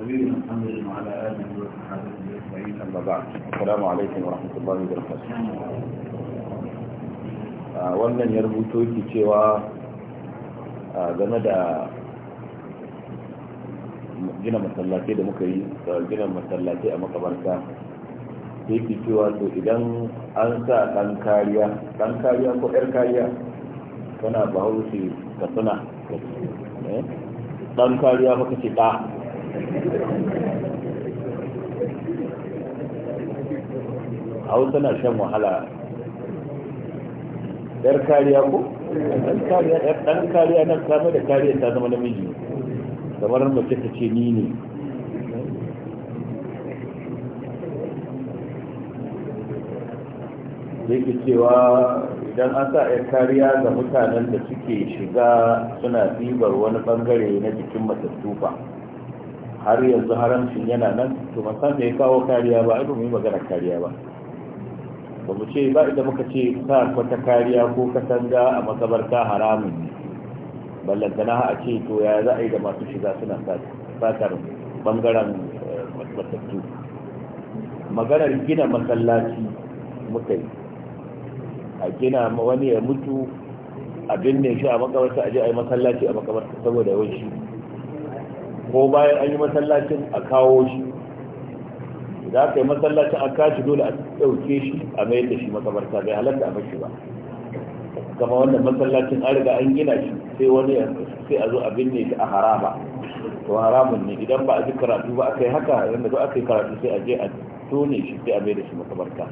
السلام عليكم ورحمة الله وبركاته wannan ya rubuto ki cewa game da gina masallatai da muka yi gina masallatai a makabarta sai ki cewa to idan an sa dan kariya dan kariya ko yar kariya kana bahaushe ka suna dan eh? kariya maka ce ɗa hausa na shan wahala yar kariya ko ɗan kariya na samu da kariya ta zama namiji kamar mace ta ce ni ne yake cewa idan an sa yar kariya ga mutanen da suke shiga suna ɗibar wani bangare na jikin matattufa har yanzu haramcin yana nan to ba san da ya kawo kariya ba a mu yi magana kariya ba ba mu ce ba idan muka ce sa kwata kariya ko katanga a makabarta haramun ne ballantana a ce to ya za a yi da masu shiga suna satar bangaren eh, matattu maganar gina masallaci muka yi a gina wani ya mutu a binne shi a makabarta a je a yi masallaci a makabarta saboda yawan shi ko bayan an yi masallacin a kawo shi idan aka yi masallacin a kashi dole a ɗauke shi a mayar da shi makabarta bai halatta a mashi ba kama wannan masallacin an riga an gina shi sai wani sai a zo a binne shi a harama to haramun ne idan ba a ji karatu ba aka yi haka yadda ba aka yi karatu sai a je a tone shi sai a mayar da shi makabarta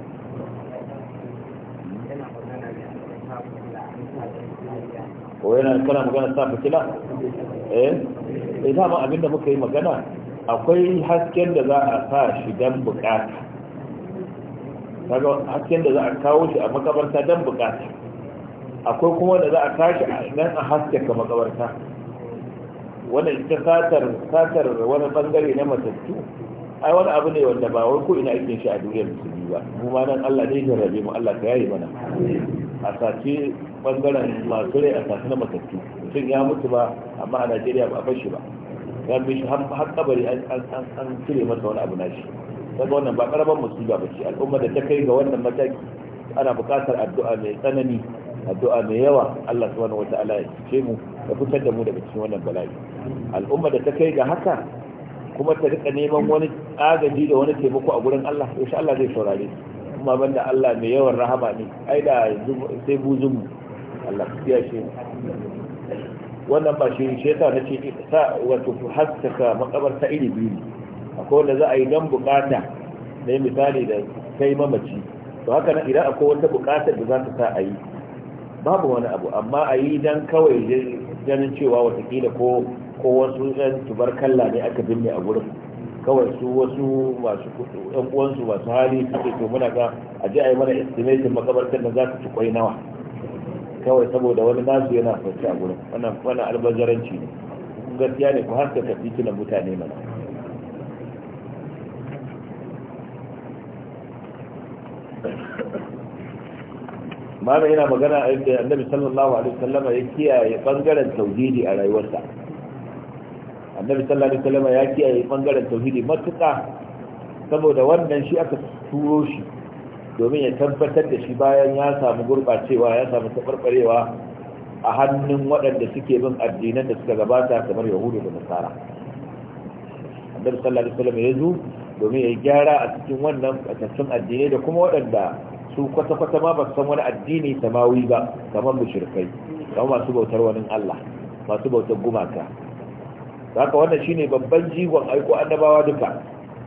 ko yana kana magana sa fitila eh sai eh, dama abinda muka yi magana akwai hasken da za a sa shi don bukata kaga hasken da za a kawo shi a makabarta don bukata akwai kuma da za a tashi a nan a haske ka makabarta wannan ita satar satar wani bangare na matattu ai wani abu ne wanda ba wai ko ina ake shi a duniyar musulmi ba kuma nan Allah ne ya rabe mu Allah ka yaye mana a sace bangaren masu rai a sace na matattu mutum ya mutu ba amma a najeriya ba a fashi ba ya fi shi har kabari an cire masa wani abu nashi daga wannan ba karaban musiba ba ce al'umma da ta kai ga wannan mataki ana buƙatar addu'a mai tsanani addu'a mai yawa Allah subhanahu wata'ala ya cece mu ya fitar da mu daga cikin wannan bala'i al'umma da ta kai ga haka kuma ta rika neman wani agaji da wani taimako a gurin Allah insha Allah zai saurare su kuma banda Allah mai yawan rahama ne ai da sai buzun Allah ya shi wannan ba shi sheta na ce ta wato haskaka ta iri biyu akwai wanda za a yi don bukata na misali da kai mamaci to haka na idan akwai wata bukatar da za ta sa a yi babu wani abu amma a yi don kawai ganin cewa watakila ko ko wasu tubar tubarkalla ne aka binne a gurin kawai su wasu masu kudu yan uwansu masu hali suke to muna ga a ji a yi mana estimation makabartar da za su ci kwai nawa kawai saboda wani nasu yana kwanci a gurin wannan wannan albazaranci ne gaskiya ne ku haska tafi titunan mutane mana mana yana magana a yadda annabi sallallahu alaihi wasallam ya kiyaye bangaren tauhidi a rayuwarsa annabi sallallahu alaihi wasallam ya kiyaye bangaren tauhidi matuka saboda wannan shi aka turo shi domin ya tabbatar da shi bayan ya samu gurbacewa ya samu tabarbarewa a hannun waɗanda suke bin addinan da suka gabata kamar yahudu da nasara annabi sallallahu alaihi wasallam ya zo domin ya gyara a cikin wannan kasassun addinai da kuma waɗanda su kwata-kwata ma ba san wani addini samawi ba kamar mushrikai kamar masu bautar wani Allah masu bautar gumaka haka wannan shine babban jigon aiko annabawa duka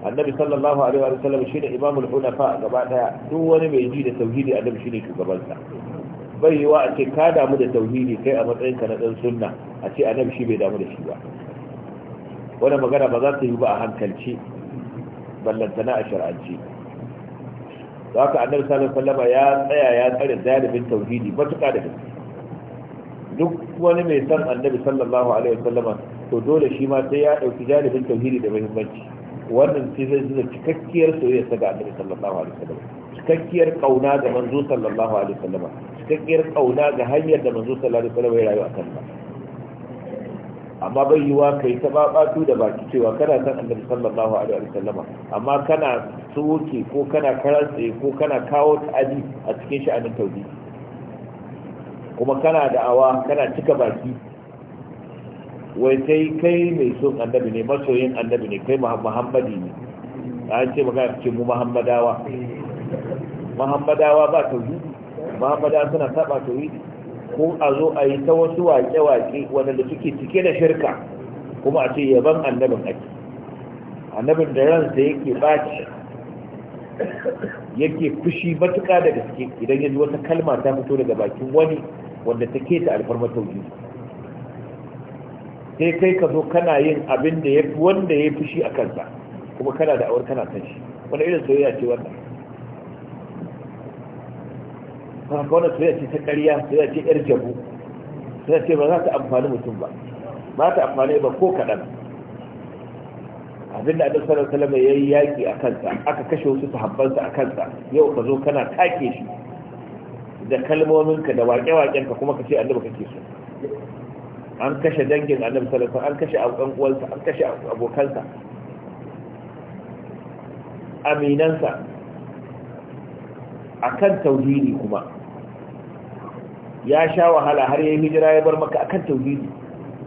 annabi sallallahu alaihi wa sallam shine imamul hunafa gaba daya duk wani mai ji da tauhidi annabi shine shugabansa bai wa a ce ka damu da tauhidi kai a matsayin ka na dan sunna a ce annabi shi bai damu da shi ba wannan magana ba za ta yi ba a hankalci ballantana a shar'anci haka annabi sallallahu alaihi wa sallam ya tsaya ya tsare dalibin tauhidi matuƙa da gaske duk wani mai san annabi sallallahu alaihi wasallam to dole shi ma sai ya dauki jalibin tauhidi da muhimmanci wannan sai zai zuwa cikakkiyar soyayya ga annabi sallallahu alaihi wasallam cikakkiyar kauna ga manzo sallallahu alaihi wasallam cikakkiyar kauna ga hanyar da manzo sallallahu alaihi wasallam ya rayu a kanta amma bai yiwa kai ta babatu da baki cewa kana san annabi sallallahu alaihi wasallam amma kana soke ko kana karatse ko kana kawo ta'adi a cikin sha'anin tauhidi kuma kana da awa kana cika baki wai sai kai mai son annabi ne masoyin annabi ne kai muhammadi ne an ce maka ce mu muhammadawa muhammadawa ba ta yi muhammadawa suna saba yi ko a zo a yi ta wasu waƙe-waƙe waɗanda suke cike da shirka kuma a ce yaban annabin ake annabin da ransa yake baci yake fushi matuƙa da gaske idan yanzu wata kalma ta fito daga bakin wani wanda ta keta alfarmar tauji sai kai ka zo kana yin abin da ya wanda ya fushi a kansa kuma kana da awar kana san shi wani irin soyayya ce wannan ba wannan soyayya ce ta ƙarya soyayya ce ƴar jabu soyayya ce ba za ta amfani mutum ba ba ta amfani ba ko kaɗan abin da annabi sallallahu alaihi wasallam yayi yaki a kansa aka kashe wasu sahabbansa a kansa yau ka zo kana take shi da kalmominka da waƙe waƙen ka kuma ka ce annabi kake so an kashe dangin annabi sallallahu alaihi wasallam an kashe abokan uwansa an kashe abokansa aminansa akan tauhidi kuma ya sha wahala har yi hijira ya bar maka akan tauhidi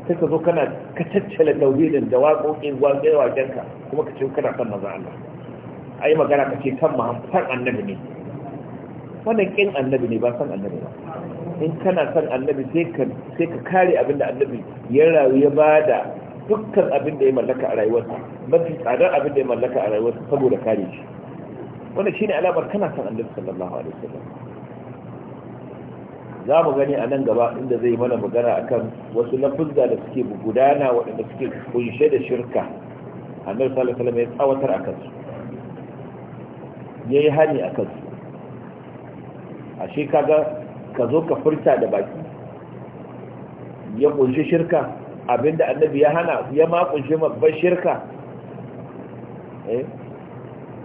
sai ka zo kana ka caccala tauhidin da waƙoƙin waƙe waƙenka kuma ka ce kana son manzon Allah a yi magana ka ce kan san annabi ne wannan kin annabi ne ba san annabi ba in kana son annabi sai ka sai ka kare abin da annabi ya rayu ya bada dukkan abin da ya mallaka a rayuwarsa mafi tsadar abin da ya mallaka a rayuwarsa saboda kare shi wannan shine alamar kana son annabi sallallahu alaihi wasallam za mu gani a nan gaba inda zai mana magana akan wasu lafuzza da suke gudana waɗanda suke kunshe da shirka annabi sallallahu alaihi wasallam ya tsawatar kansu, ya yayi hani a kansu. A kaga ka zo ka furta da baki ya kunshe shirka abinda annabi ya hana ya ma kunshe babban shirka eh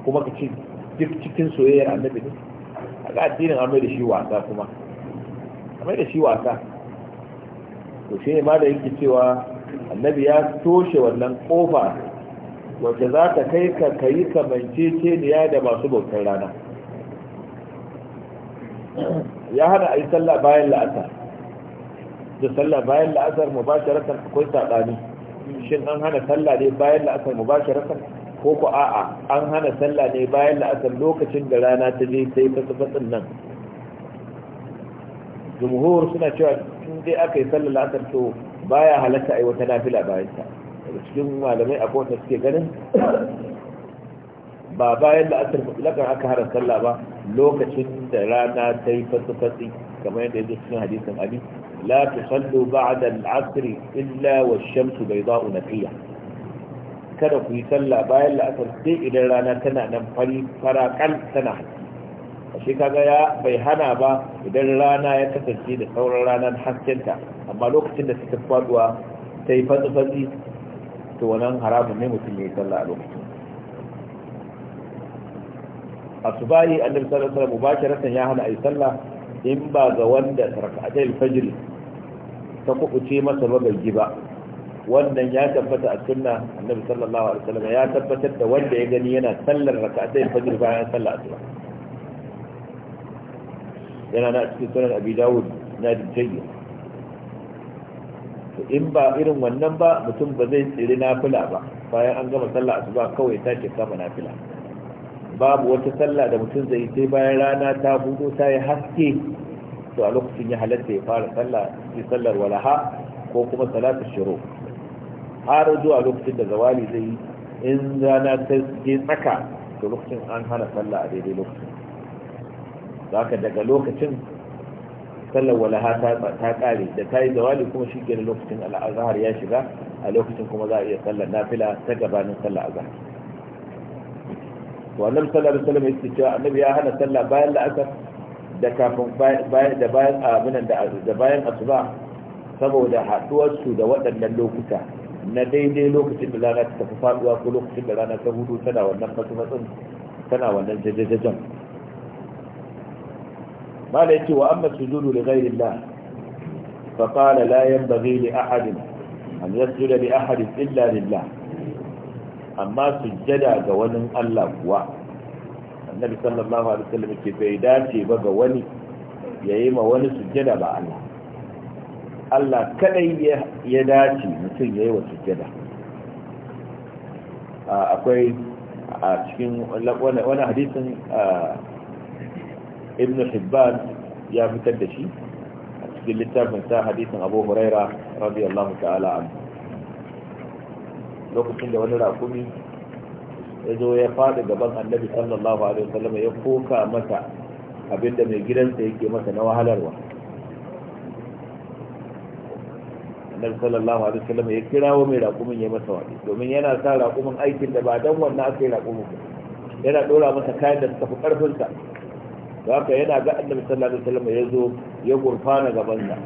kuma ka ci duk cikin soyayyar annabi ne a ga addinin amma da shi wasa kuma kamar da shi wasa to shi ne ma da yake cewa annabi ya toshe wannan kofa wacce za ta kai ka kayi ya da masu bautar rana ya hana a yi sallah bayan la'asar da sallah bayan la'asar mubasharatan akwai saɓani shin an hana sallah ne bayan la'asar mubasharatan ko ku a'a an hana sallah ne bayan la'asar lokacin da rana ta je sai ta fasafasin nan jumhur suna cewa in dai aka yi sallar la'asar to baya halatta a yi wata nafila bayan ta daga cikin malamai a kowace suke ganin ba bayan la'asar mutlakan aka hara sallah ba lokacin da rana ta yi fatsi-fatsi kamar yadda yanzu cikin hadisin ali la tusallu ba'da al-asr illa wa shamsu bayda'u naqiya kada ku yi sallah bayan la'asar sai idan rana tana nan fari farakal tana haske shi kaga ya bai hana ba idan rana ya kasance da sauran ranar haskenta amma lokacin da suka faduwa ta yi fatsi-fatsi to wannan haramun ne mutum ya yi sallah a lokacin a su bayi annabi sallallahu alaihi rasan ya hana a yi sallah in ba ga wanda a raka'atul fajr ta kubuce masa magalgi ba wannan ya tabbata a sunna annabi sallallahu alaihi wasallam ya tabbatar da wanda ya gani yana sallar raka'atul fajr bayan sallar asuba yana na cikin sunan abi dawud na dijjayya to in ba irin wannan ba mutum ba zai tsiri nafila ba bayan an gama sallah asuba kawai ta ke kama nafila babu wata sallah da mutum zai sai bayan rana ta budo ta yi haske to a lokacin ya halatta ya fara sallah sai sallar walaha ko kuma salatu shiro har zuwa lokacin da zawali zai yi in rana ta je tsaka to lokacin an hana sallah a daidai lokacin zaka daga lokacin sallar walaha ta kare da ta yi zawali kuma shi ke lokacin al'azhar ya shiga a lokacin kuma za a iya sallar nafila ta gabanin sallar azhar to annabi sallallahu alaihi wasallam yake cewa annabi ya hana sallah bayan la'asar da kafin bayan da bayan abinan da bayan asuba saboda haduwar su da waɗannan lokuta na daidai lokacin da rana ta tafi faduwa ko lokacin da rana ta hudu tana wannan fatsumatsin tana wannan jajajajan ما لا يتي وأما السجود لغير الله فقال لا ينبغي لأحد أن يسجد لأحد إلا لله أما سجد قول الله هو النبي صلى الله عليه وسلم كفيداتي بقولي يأيما ولي سجد بأ الله Allah kadai ya dace mutum ya yi wa sujjada akwai a cikin wani hadisin ibn hibban ya fitar da shi a cikin littafin sa hadisin abu huraira radiyallahu ta'ala an lokacin da wani rakumi ya zo ya faɗi gaban annabi sallallahu alaihi wasallam ya koka masa abinda mai gidansa yake masa na wahalarwa annabi sallallahu alaihi wasallam ya kirawo mai raƙumin ya masa wani domin yana sa raƙumin aikin da ba dan wannan aka yi raƙumin yana dora masa kayan da suka fi ƙarfinsa da haka yana ga annabi sallallahu alaihi wasallam ya zo ya gurfana gaban sa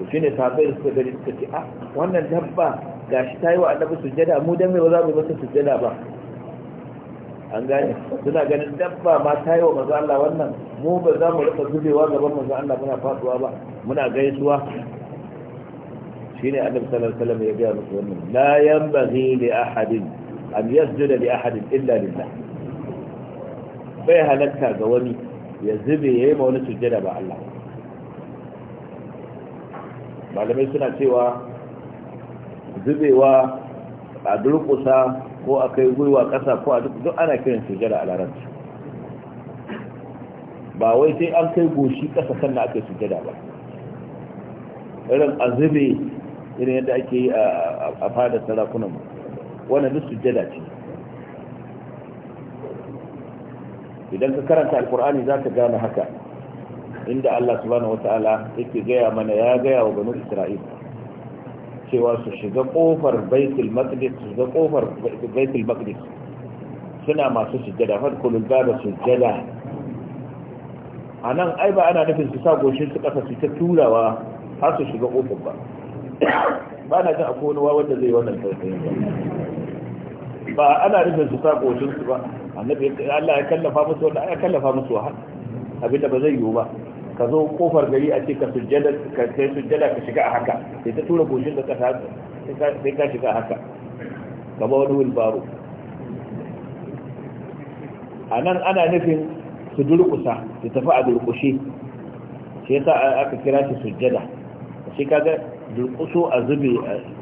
to shine sahabbai suka gani suka ce ah wannan dabba gashi ta yi wa annabi sujjada mu dan me ba za mu masa sujjada ba an gane suna ganin dabba ma ta yi wa manzo Allah wannan mu ba za mu rika zubewa gaban manzo Allah muna faduwa ba muna gaisuwa shine annabi sallallahu alaihi wasallam ya ga musu wannan la yanbaghi li ahadin an yasjuda li ahadin illa lillah bai halatta ga wani ya zube ya yi ma wani sujjada ba Allah malamai suna cewa zubewa a durkusa ko a kai gwiwa ƙasa ko a duk ana kiran sujjada a larabci ba wai sai an kai goshi ƙasa sannan ake sujjada ba irin a zube irin yadda ake yi a fadar sarakunan wannan duk sujjada ce idan ka karanta alkur'ani za ka gane haka inda Allah subhanahu wata'ala yake gaya mana ya gaya wa banu Isra'il cewa su shiga kofar baitul maqdis su shiga kofar baitul maqdis suna masu sujjada fadkhulul baba sujjada anan ai ba ana nufin su sa goshin su kasa su ta turawa har su shiga kofar ba ba na jin akwai wani wanda zai wannan tsayin ba ba ana rufe su sa goshin su ba annabi Allah ya kallafa musu wanda ya kallafa musu wa abin da ba zai yiwu ba ka zo kofar gari a ce ka sujjada ka sai sujjada ka shiga a haka sai ta tura goshin da kasa sai ka shiga a haka ka ba wani wilbaro a nan ana nufin su durƙusa su tafi a durƙushe shi yasa aka kira shi sujjada shi kaga durkuso a zube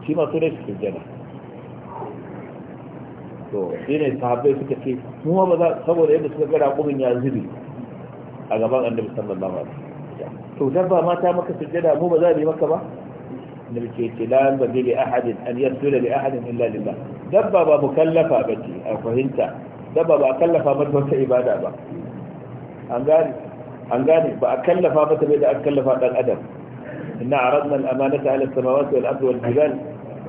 shi ma sunan shi sujjada to shi ne sahabbai suka ce mu ba za saboda yadda suka gara kumin ya zubi a gaban annabi sallallahu alaihi wasallam to dabba mata maka sujjada mu ba za mu yi maka ba annabi ce ce la yanbaghi li ahadin an yasjuda li ahadin illa lillah dabba ba mukallafa bace a fahimta dabba ba kallafa mata wata ibada ba an gane an gane ba a kallafa mata bai da an kallafa dan adam inna aradna al-amanata ala as-samawati wal-ardi wal-jibali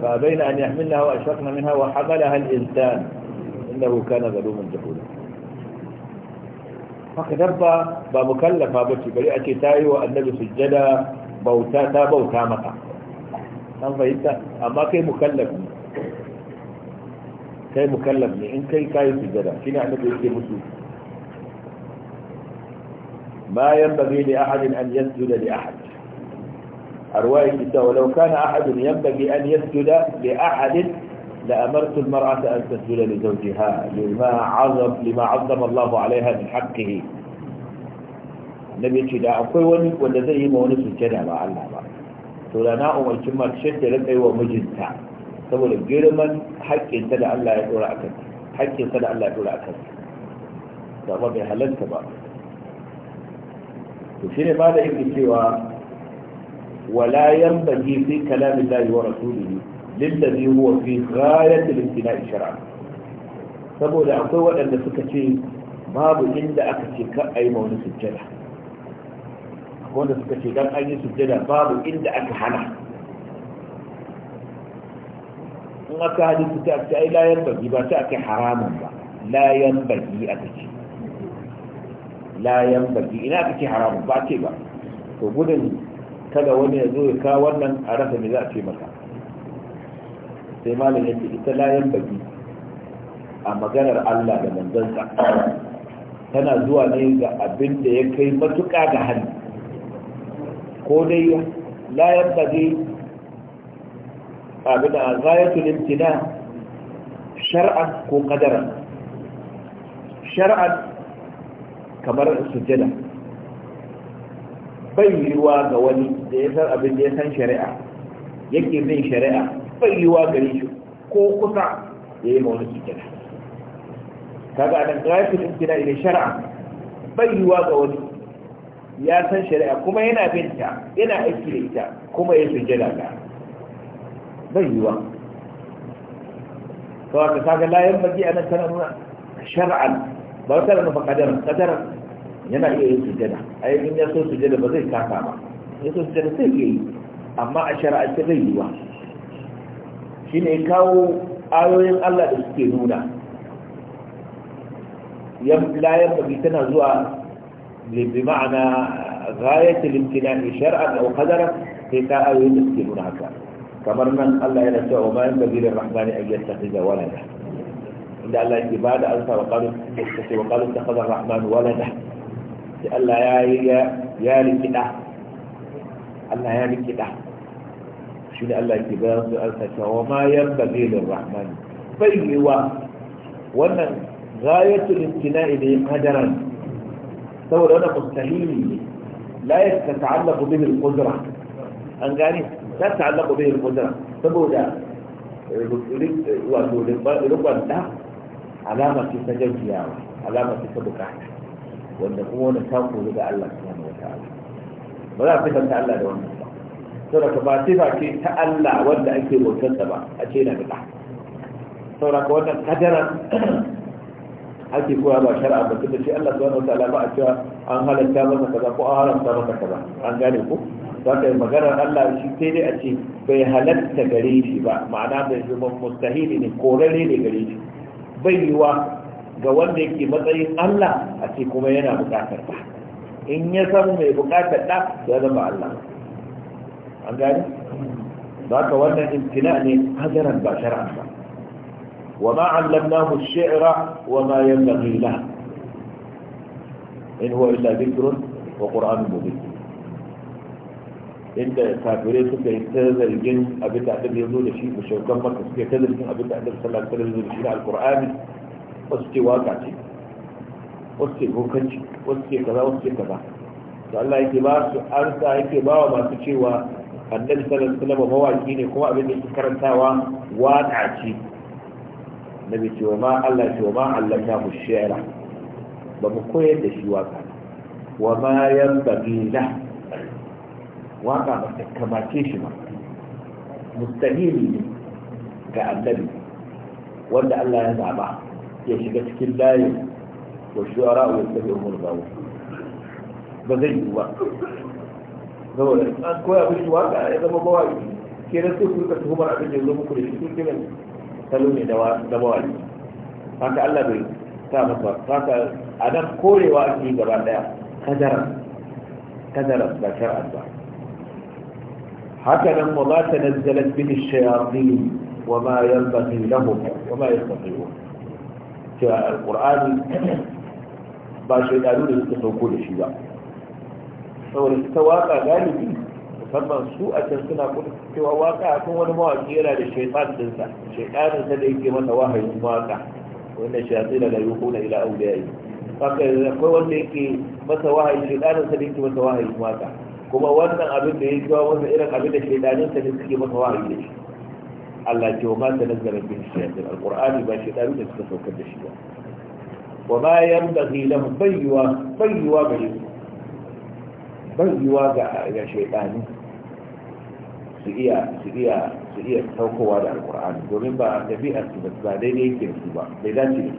فبين أن يحملها وأشفقنا منها وحملها الإنسان إنه كان ظلوما جهولا فكتب بمكلفة بشكرية تايو وأنه سجد بوتا تا بوتا مقا فهمت أما كي مكلف كي مكلف إن كي كاي سجد كنا عندك إيدي مسوك ما ينبغي لأحد أن يسجد لأحد رواية ولو كان أحد ينبغي أن يسجد لأحد لأمرت المرأة أن تسجد لزوجها لما عظم, لما عظم الله عليها من حقه النبي يتشد أقوى والذي يمونس الجنة مع الله تولاناء ومجمع تشد لبعي أيوة ومجنتا تقول الجرم حق إن تدع الله يقول أكد حق إن تدع الله يقول أكد تقول ربي هل انتبه وفي ماذا يكتبه ولا ينبغي في كلام الله ورسوله للذي هو في غاية الامتناع شرعا saboda akwai waɗanda suka ce babu inda aka ce ka a yi ma wani sujjada wanda suka ce don an yi sujjada babu inda aka hana in aka hadisi ta ce ai layan bagi ba ta aka haramun ba layan bagi ina haramun ba ce ba to kada wani ya zo ya ka wannan a rasa me za a ce maka sai malam ya ce ita layan baki a maganar Allah da manzansa tana zuwa ne ga abin da ya kai matuƙa ga hannu ko dai layan baki abin da zayatul imtina shar'an ko kadara. shar'an kamar sujjada bai yiwuwa ga wani da ya san abin da ya san shari'a yake bin shari'a bai yiwuwa gare shi ko kusa ya yi wani sikira kaga anan gafin imtina ila shari'a bai yiwuwa ga wani ya san shari'a kuma yana bin ta, yana aiki da ita kuma ya jira ga bai yiwuwa to ka kaga la yan baki anan kana nuna shar'an ba tare da qadar qadar yana iya yin sujada ai in ya so sujada ba zai taka ba ya so sujada sai iya yi amma a shari'ance zai yi wa shine kawo ayoyin Allah da suke nuna la babi tana zuwa bi ma'ana ghayatul ne shari'a, da ƙadar, sai ta ayoyin da suke nuna haka kamar nan Allah yana cewa ma a yi an da walada inda Allah yake bada ansa wa qalu wa qalu da ar-rahman walada sai Allah ya yi ya rikida Allah ya rikida shi ne Allah ke bayan su alkata wa ma yarda bilin rahman bai yiwa wannan ghayatul imtina'i da hadaran saboda wannan mustahili ne la yata'allaqu bihi al-qudra an gane ta ta'allaqu bihi al-qudra saboda wato rubban da alama ce ta gajiyawa alama ce ta bukata wanda kuma wani tako daga Allah subhanahu wata'ala ba za a sifanta Allah da wannan ba saboda ba sifa ce ta Allah wanda ake bautar ba a ce na da saboda wannan kadara ake koya ba shari'a ba tunda shi Allah subhanahu wataala ba a cewa an halatta masa kaza ko an haramta masa kaza an gane ko za ka yi maganar Allah shi sai dai a ce bai halatta gare shi ba ma'ana bai zama mustahili ne korare ne gare shi bai yiwa ga wanda yake matsayin Allah a ce kuma yana bukatar ta in ya san mai bukatar ta ya zama Allah an gani ba ka wannan intina ne hajaran ba shar'an ba wa ma allamnahu ash-shi'ra wa ma yanbaghi la in huwa illa dhikrun wa qur'anun mubin inda kafirai suka yi ta zargin abin da annabi ya zo da shi mushrikan maka suka yi ta zargin abin da annabi sallallahu alaihi wasallam ya zo da shi na alqur'ani wasu ce waka ce wasu ce bokanci wasu ce kaza wasu ce kaza to Allah yake ba su an sa yake ba wa masu cewa annabi sallallahu alaihi wasallam mawaki ne kuma abin da yake karantawa waka ce nabi ce wa ma Allah ce wa ma Allah ya mu shi'ra ba mu koyar da shi waka wa ma yanbaghi lahu waka ba ta kamace shi ba mustahili ne ga annabi wanda Allah ya zaba ya shiga cikin layin wa shu'ara wa yastabi umur bawo ba zai yi ba saboda an koya mishi waka ya zama mawaki ke nan sai kuka tuhumar abin da ya zo muku da shi su kiran salo ne da mawaki haka Allah bai sa masa haka a nan korewa ake gaba daya kadaran kadaran ba shar'an ba haka nan wa ma tanazzalat bihi shayatin wa ma yanbaghi lahum wa ma yastaqimun cewa alƙur'ani ba shaidanu da suka sauko da shi ba saboda ita waka galibi musamman su a can suna kudu cewa waka a kan wani mawaki yana da shaitan dinsa shaitanin sa da yake masa wahayin waka wanda shayatin da layu kuna ila auda yayi haka akwai wanda yake masa wahayin shaitanin sa da yake masa wahayin waka kuma wannan abin da ya kawo masa irin abin da shaitanin sa da suke masa wahayi da shi الله جوما تنزل به الشياطين القران يبقى شيطان يتكسر كل شيء وما ينبغي له بيوا بيوا بيوا بيوا يا شيطان سيئة سيئة سيئة توقوا على القرآن دومين بقى نبي أسفة بعدين يكي نسوا بيدان شيء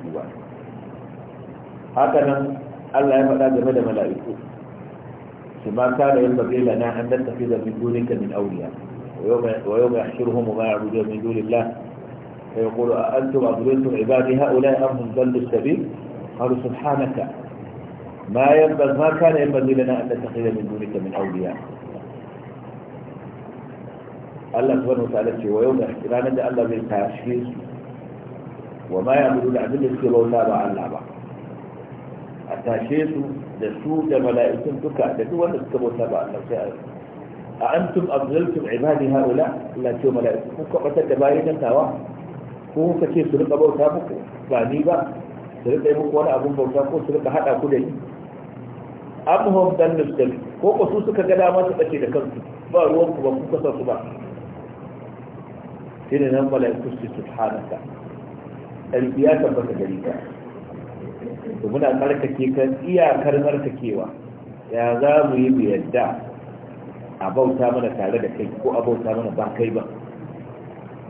هكذا الله يبقى هذا مدى ملائكه فما كان ينبغي لنا أن نتخذ من دونك من أولياء ويوم يحشرهم وما يعبدون من دون الله فيقول أنتم أضللتم عبادي هؤلاء أم هم ضلوا السبيل قالوا سبحانك ما ينبغي ما كان ينبغي لنا أن نتخذ من دونك من أولياء Allah subhanahu wa ta'ala ce wa da ranar da Allah zai tashe su wa ma ya da bauta ba Allah ba a tashe su da su da duka da duk wanda suka bauta ba Allah sai a a antum abdulkum ibadi haula Allah ce mala'iku ku ta da bayan nan tawa ko kuka ce su rika bauta muku ba ni ba su rika yi muku wani abun bauta ko su rika hada ku da ni am dan nusdal ko ko su suka ga dama su dace da kansu ba ruwan ku ba ku kasa su ba shi ne nan mala'iku su subhanaka albiya tabbata gari ka to muna karkake kan iyakar markakewa ya za mu yi mu yadda a bauta mana tare da kai ko a bauta mana ba kai ba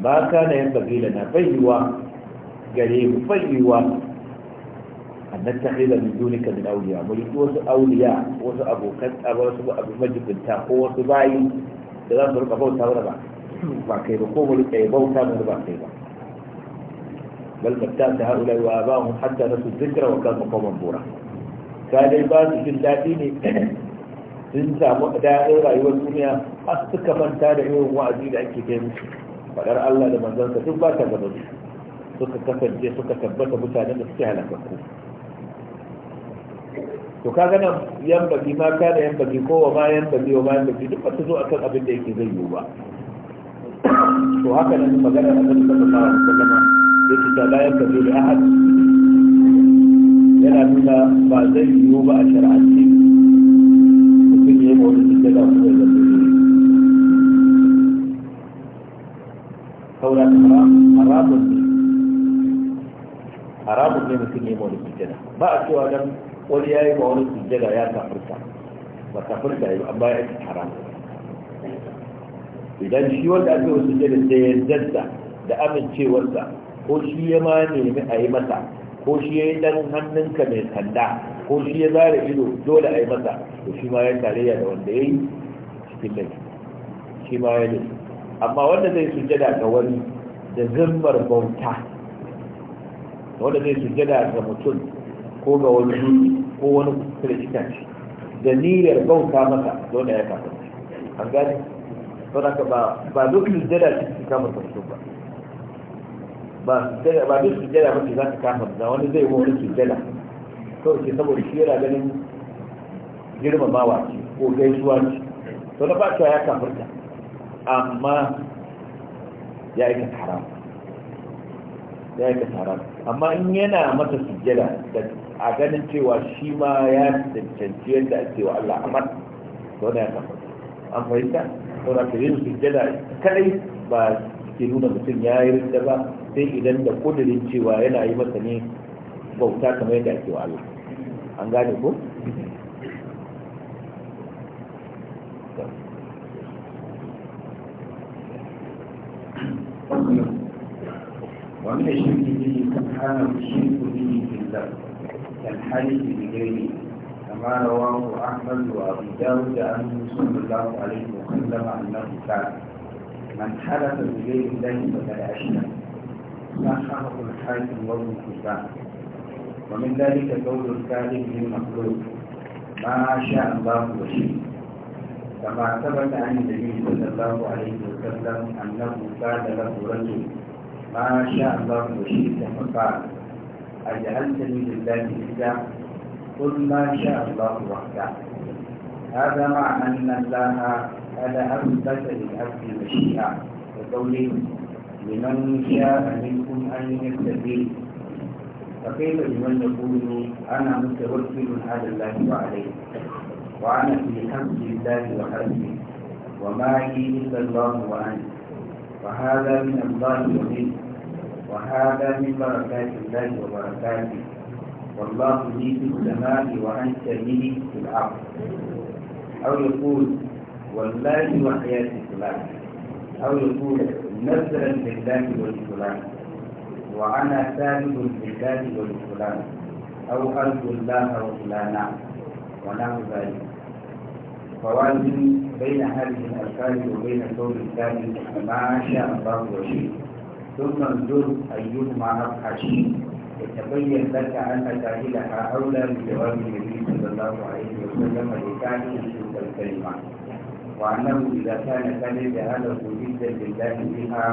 ba ka na yan bagila na bayyuwa gare mu bayyuwa nan ta hila min dunika min auliya mu riki wasu auliya wasu abokan tsaba wasu abu majibinta ko wasu bayi da za su rika bauta mana ba ba kai ba ko mu rika ya bauta mana ba kai ba bal matta'ta ha'ula'i wa aba'ahum hatta nasu dhikra wa kanu qawman bura ka dai ba su jin daɗi ne sun samu daɗin rayuwar duniya har suka manta da irin wa'azi da ake kai musu faɗar Allah da manzansa duk ba ta gaba su suka kasance suka tabbata mutane da suke halakakku to kaga nan yan baki ma kana yan baki ko wa ma yan baki wa ma yan baki duk ba ta zo kan abin da yake zai yiwu ba to haka nan magana a kan sallallahu alaihi wasallam yake ta la yan baki da ahad yana nuna ba zai yiwu ba a shar'anci da za su zai zafi saura ta haramun ne haramun ne mutum ya yi mawani sujjada ba a cewa dan wani ya yi mawani sujjada ya kafirta ba kafirta ya ba ya ci haram idan shi wanda aka yi sujjada sai ya zadda da amincewarsa ko shi ya ma nemi a yi masa ko shi ya yi ɗan hannunka mai sanda ko shi ya zara ido dole a yi masa da shi ma ya tarayya da wanda ya yi cikin laifi shi ma ya ne amma wanda zai sujjada ga wani da zimmar bauta wanda zai sujjada ga mutum ko ga wani dutse ko wani kristian da niyyar bauta masa dole ya kafa an gani saboda ba ba duk sujjada shi ka kama mutum ba ba duk sujjada ba su za su kama da wani zai wani jada. kawai saboda shi yana ganin girmamawa ce ko gaisuwa ce to na ba ya kafirta amma ya aikata haram ya yi haram amma in yana mata sujjada a ganin cewa shi ma ya cancanci yadda ake wa Allah amma to na ya kafarta. an fahimta to na ta yin sujjada kadai ba ke nuna mutum ya yi rinda ba sai idan da kudirin cewa yana yi masa ne bauta kamar wannan shi ne ne kan hana shi ku ne ne filla kan ne ne gani amma da wawo da an sun da za su alaihi wa kallama a nan fita man halata zuwa yin dangi da ashina na hana kuma kayan wani kusa ومن ذلك قول الكاذب للمخلوق ما شاء الله وشيء كما ثبت عن النبي صلى الله عليه وسلم انه كان له رجل ما شاء الله وشيء فقال اجعلتني لله ندا قل ما شاء الله وحده هذا مع ان الله قد اثبت للعبد مشيئا وقوله لمن شاء منكم ان يستفيد فكيف لمن يقول أنا متوكل على الله وعليه وأنا في حمد الله وحمده وما لي إلا الله وأنت وهذا من الله ومنه وهذا من بركات الله وبركاته والله لي في السماء وأنت لي في الأرض أو يقول والله وحياتي فلان أو يقول نذرا لله ولفلان وأنا سالم بالله ولفلان أو أرجو الله وفلانا ونحو ذلك فوازن بين هذه الأشكال وبين الكون الثاني ما شاء الله وشئت ثم انظر أيهما شيء يتبين لك أن جاهلها أولى بجواب النبي صلى الله عليه وسلم لتعني تلك الكلمة وأنه إذا كان كذب هذا جدا لله بها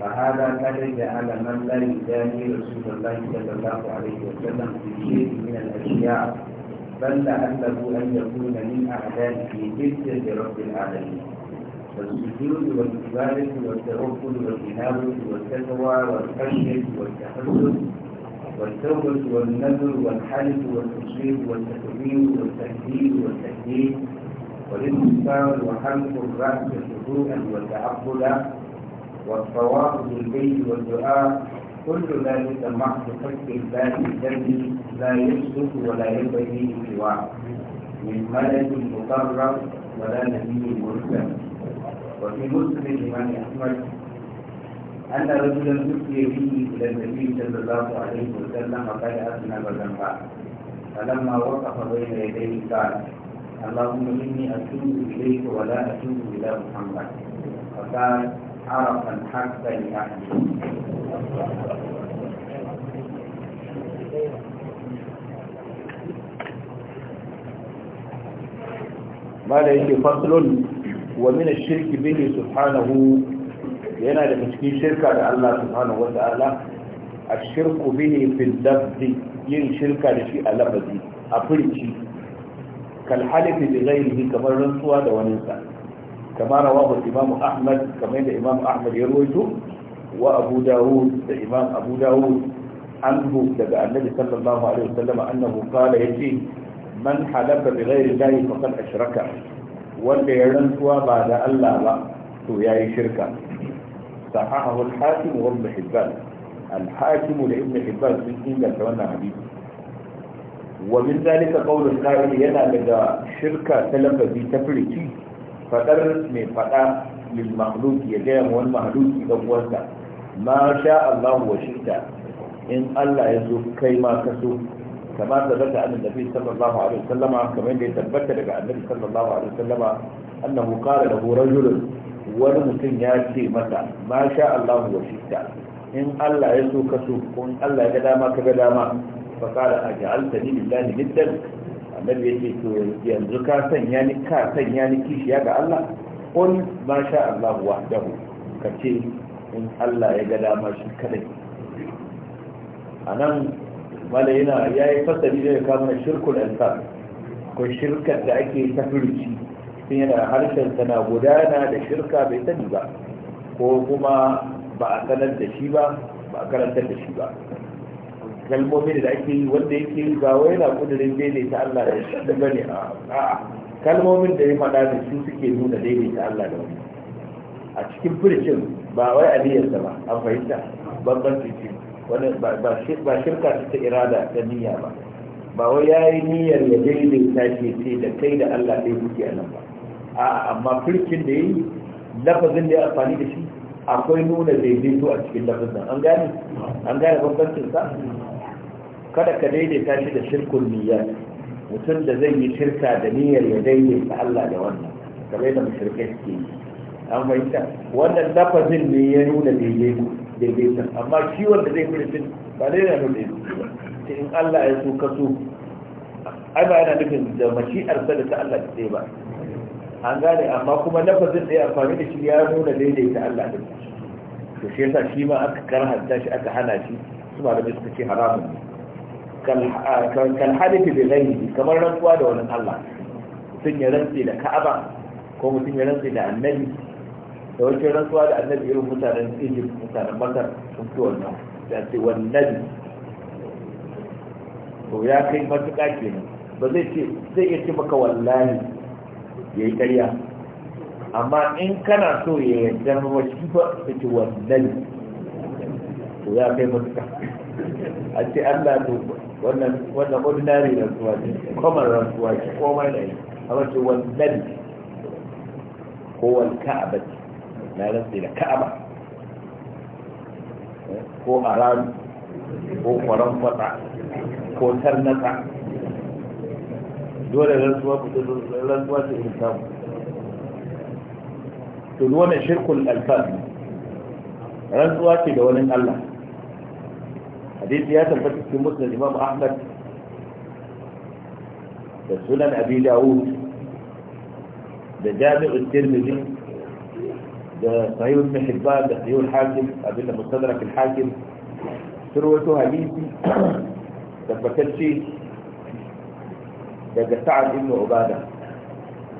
فهذا كذب على من لا يداني رسول الله صلى الله عليه وسلم في شيء من الاشياء بل لعله ان يكون من اعدائه جدا لرب العالمين فالسجود والعبادة والتوكل والإنابة والتقوى والخشية والتحسن والتوبة والنذر والحلف والتصوير والتكريم والتهديد والتهديد والاستغفار وحلق الرأس خضوعا وتعبدا والصواب بالبيت والدعاء كل ذلك محض فك الباب الذي لا يصدق ولا ينبغي سواه من ملك مقرب ولا نبي مرسل وفي مسلم الامام احمد ان رجلا اتي به الى النبي صلى الله عليه وسلم قد اثنى ذنبا فلما وقف بين يديه قال اللهم اني اتوب اليك ولا اتوب الى محمد فقال عرف الحق لأهله ما لا يجي فصل ومن الشرك به سبحانه yana da cikin shirka da Allah subhanahu wata'ala a shirku bihi fil lafzi yin shirka da shi a lafazi a furci kal halifi bi ghairihi kamar rantsuwa da waninsa. كما رواه الإمام أحمد كما إن الإمام أحمد يرويته وأبو داود الإمام أبو داود عنه لدى النبي صلى الله عليه وسلم أنه قال يجي من حلف بغير الله فقد أشرك wanda ya rantsuwa ba da Allah ba to ya yi shirka sahahahu al-hakim wa ibn hibban al da ibn hibban sun inganta wannan hadisi wa min yana daga shirka ta ta firki fadar mai fada lil makhluki ya gaya ma wani makhluki dan uwansa ma sha Allah wa shita in Allah ya so kai ma ka so kama tabbata an nabi sallallahu alaihi wasallama kamar da ya tabbata daga annabi sallallahu alaihi wasallama annahu qala lahu rajulun wani mutum ya ce mata ma sha Allah wa shita in Allah ya so ka so ko in Allah ya ga dama ka ga dama fa qala aj'altani lillahi niddan annabi yake to yanzu ka sanya ni ka sanya ni kishiya ga Allah qul ma sha Allah wahdahu kace in Allah ya ga dama shi kadai anan wala yana yayi fasali da kamar shirkul insan ko shirkar da ake ta furuci sun yana harshen tana gudana da shirka bai sani ba ko kuma ba a sanar da shi ba ba a karantar da shi ba kalmomin da ake yi wanda yake yi ba wai na kudurin daidaita Allah da shi ba ne a'a kalmomin da ya faɗa da su suke nuna daidaita Allah da wani a cikin firicin ba wai aniyarsa ba an fahimta babban wani ba shirka ta irada da niyya ba ba wai ya yi niyyar ya daidaita shi ce da kai da Allah ɗaya kuke a nan ba a'a amma firicin da ya yi lafazin da ya amfani da shi akwai nuna daidaito a cikin lafazin an gane an gane bambancin sa kada ka daidaita shi da shirkul niyyar mutum da zai yi shirka da niyyar ya daidaita Allah da wannan kamar yadda mushrikai suke yi an fahimta wannan lafazin ne ya nuna daidaita amma shi da zai fi ba ne na nuna daidaitan sai in Allah ya so ka so ai ba yana nufin da mashi'ar sa da ta Allah ta ba an gane amma kuma lafazin da ya amfani da shi ya nuna daidaita Allah da shi to shi yasa shi ma aka karhanta shi aka hana shi su ba da suka ce haramun ne kan ah, hadithi zai yi kamar rantsuwa da wani Allah mutum ya rantsi da Ka'aba ko mutum ya rantsi da Annabi da wancan rantsuwa da Annabi irin mutanen Egypt mutanen Masar sun fi wannan da ce wannan to ya kai matuƙa kenan ba zai ce zai iya ce maka wallahi ya yi ƙarya amma in kana so ya yarda wa shi ba ta ce wannan to ya kai matuƙa a ce Allah to wannan wannan ordinary rantsuwa ce common rantsuwa ce komai ne amma ce wannan ko wal ka'aba na rantsi da ka'aba ko haram ko kwaran fata ko tarnata dole rantsuwa ku rantsuwa ce in samu to wannan shirkul alfaz rantsuwa ce da wani Allah حديث ياسر ثبت في مسند الإمام أحمد سنن أبي داود ده جامع الترمذي ده صحيح ابن حبان ده صحيح الحاكم أبي مستدرك الحاكم ثروته حديثي ثبتت شيء ده سعد ابن عبادة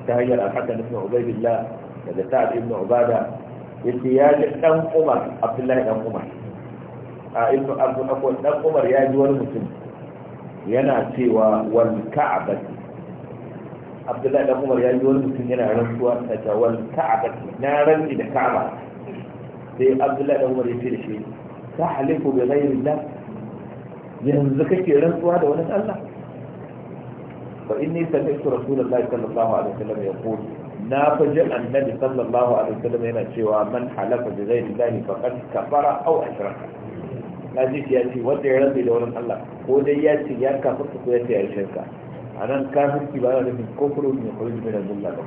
تهيأ الحسن ابن عبيد الله ده سعد ابن عبادة يا ابن عمر عبد الله بن عمر a ibn abdul akwai dan umar ya ji wani mutum yana cewa wal ka'aba abdullahi dan umar ya ji wani mutum yana rantsuwa ta ta wal ka'aba na rantsi da ka'aba sai abdullahi dan umar ya ce da shi ta halifu bi ghairi allah yanzu kake rantsuwa da wani allah fa inni sami'tu rasulullahi sallallahu alaihi wasallam yaqul na faji annabi sallallahu alaihi wasallam yana cewa man halafa bi ghairi allah faqad kafara aw ashraka na ya ce wanda ya rantsa da wurin Allah ko dai ya ce ya kafa ko ya ce ya shirka a nan kafirci ba yana nufin kofuru ne ko yi mai zulla ba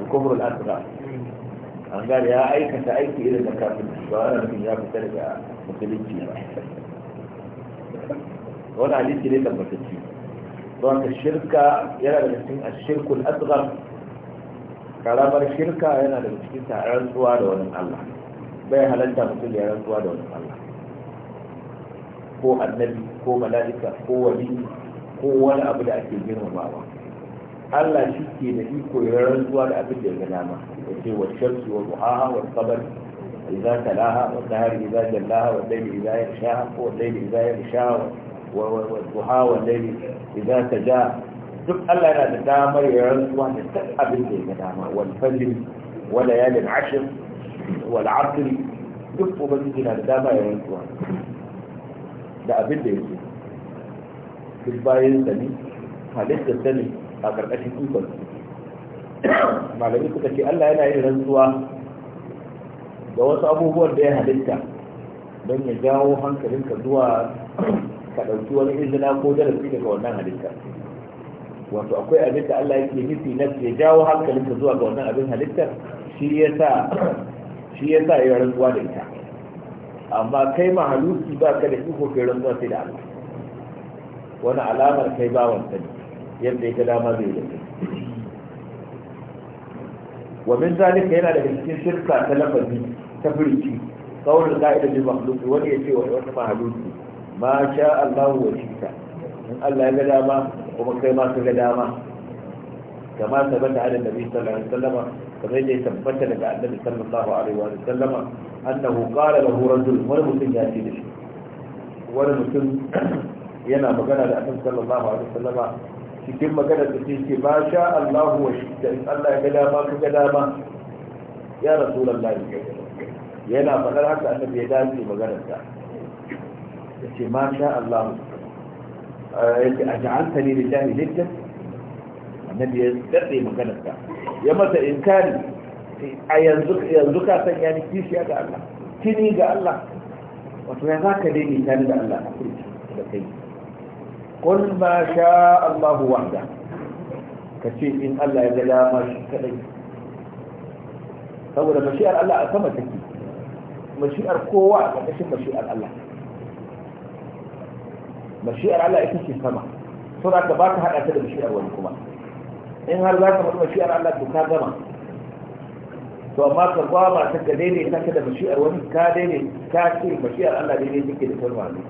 al-kofuru an ya aikata aiki irin da kafirci ba yana nufin ya fitar da musulunci ba wani hadisi ne tabbatacce don ka shirka yana da cikin ashirkul asghar karamar shirka yana da cikin ta rantsuwa da wani Allah bai halatta mutum da ya rantsuwa da wani Allah ko annabi ko mala'ika ko wali ko wani abu da ake girmamawa Allah shi ke da iko ya rantsuwa da abin da ya gana ma ya ce wa shamsu wa duhaha wa qamar idza talaha wa nahari idza jallaha wa layli idza yarshaha wa layli idza yarshaha wa wa duha wa layli idza taja duk Allah yana da damar ya rantsuwa da duk abin da ya gana ma wal fajr wa layalin ashr wal asr duk ubangiji na da dama ya rantsuwa da abin da yake duk bayan sani halitta sani a karkashin ikon malami suka ce Allah yana yin rantsuwa ga wasu abubuwan da ya halitta don ya jawo hankalinka zuwa ka ɗauki wani izina ko darasi daga wannan halitta wato akwai abin da Allah yake nufi na ya jawo hankalinka zuwa ga wannan abin halitta shi ya sa ya rantsuwa da ita amma kai mahaluki ba ka da iko kai rantsuwa sai da Allah wani alamar kai ba bawan sani yadda ya dama zai da wa min zalika yana da cikin shirka ta lafazi ta furci kawai da ka'idar mahaluki wani ya ce wa wani mahaluki ma sha Allah wa shirka in Allah ya ga dama kuma kai ma ka ga dama kama sabanta da Nabi sallallahu alaihi wasallam فبين يتبت لك النبي صلى الله عليه وسلم أنه قال له رجل ولا مسلم يأتي لشي ورمسن ينا مقنى لأنه صلى الله عليه وسلم في كم مقنى تسيسي ما شاء الله وشكت إن الله كلاما يا رسول الله يجب ينا مقنى لأنه يدان في مقنى تسيسي ما شاء الله آه، أجعلتني لله لجة النبي يستطيع مقنى تسيسي ya masa inkari a yanzu yanzu ka san ya ni kishiya ga Allah kini ga Allah wato ya zaka dai ta da Allah a kurci da kai kun ba sha Allah wahda kace in Allah ya gada ma shi kadai saboda mashi'ar Allah a sama take mashi'ar kowa a ƙarƙashin mashi'ar Allah mashi'ar Allah ita ce sama saboda ka ba ka haɗa ta da mashi'ar wani kuma in har za ka mutu mashi'ar Allah to ka gama to amma ka gwaba ta ka daidai ta ka da mashi'ar wani ka daidai ka ce mashi'ar Allah daidai take da kalma ne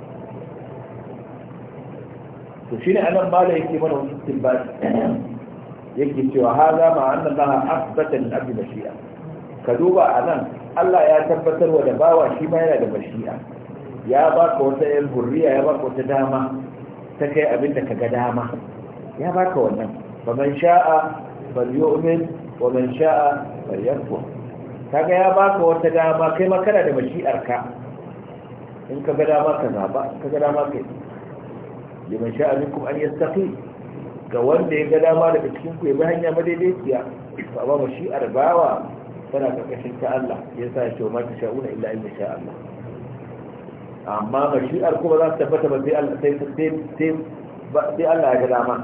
to shine anan ya yake mana wani tilbasi yake cewa haza ma annan laha asbata na abdi mashi'a ka duba anan Allah ya tabbatar wa da bawa shi ma yana da mashi'a ya baka wata yan hurriya ya baka wata dama ta kai abin da ka ga dama ya baka wannan فمن شاء فليؤمن ومن شاء فليكفر falyakfur kaga ya baka wata dama kai ma kana da mashi'ar ka in kaga dama ka zaba kaga dama kai liman sha'a minkum an yastaqi ga wanda ya ga dama daga cikin ku ya bi hanya madaidaiciya to amma mashi'ar bawa tana karkashin ta Allah yasa ya ce ma ta sha'una illa in sha Allah amma mashi'ar kuma za tabbata ba sai Allah sai sai Allah ya ga dama